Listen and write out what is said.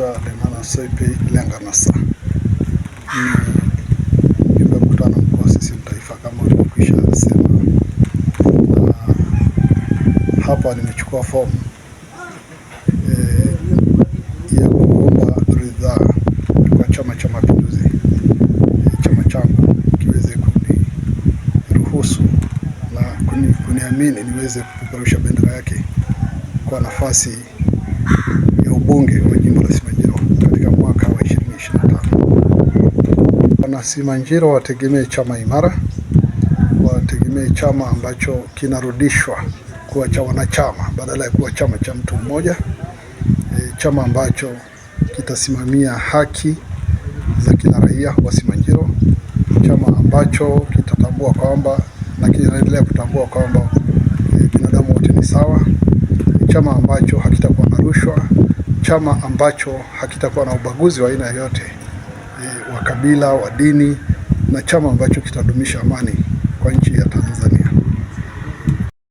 naitwa Lenana Soipi Lenga Nasa, mjumbe mkutano mkuu wa CCM Taifa kama ulivyokwisha sema. hapa nimechukua fomu e, ya kuomba ridhaa kwa Chama cha Mapinduzi, eh, chama changu kiweze kuniruhusu na kuniamini niweze kupeperusha bendera yake kwa nafasi ya ubunge wa jimbo la Simanjiro wategemee chama imara, wategemee chama ambacho kinarudishwa kuwa cha wanachama badala ya kuwa chama cha mtu mmoja e, chama ambacho kitasimamia haki za kila raia wa Simanjiro, chama ambacho kitatambua kwamba na kinaendelea kutambua kwamba e, binadamu wote ni sawa, chama ambacho hakitakuwa na rushwa, chama ambacho hakitakuwa na ubaguzi wa aina yoyote eh, wa kabila, wa dini na chama ambacho kitadumisha amani kwa nchi ya Tanzania.